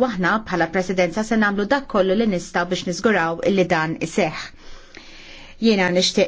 Waħna bħala presidenza se nagħmlu dak kollu li nistgħu biex nizguraw illi dan iseħħ. Jiena nixtieq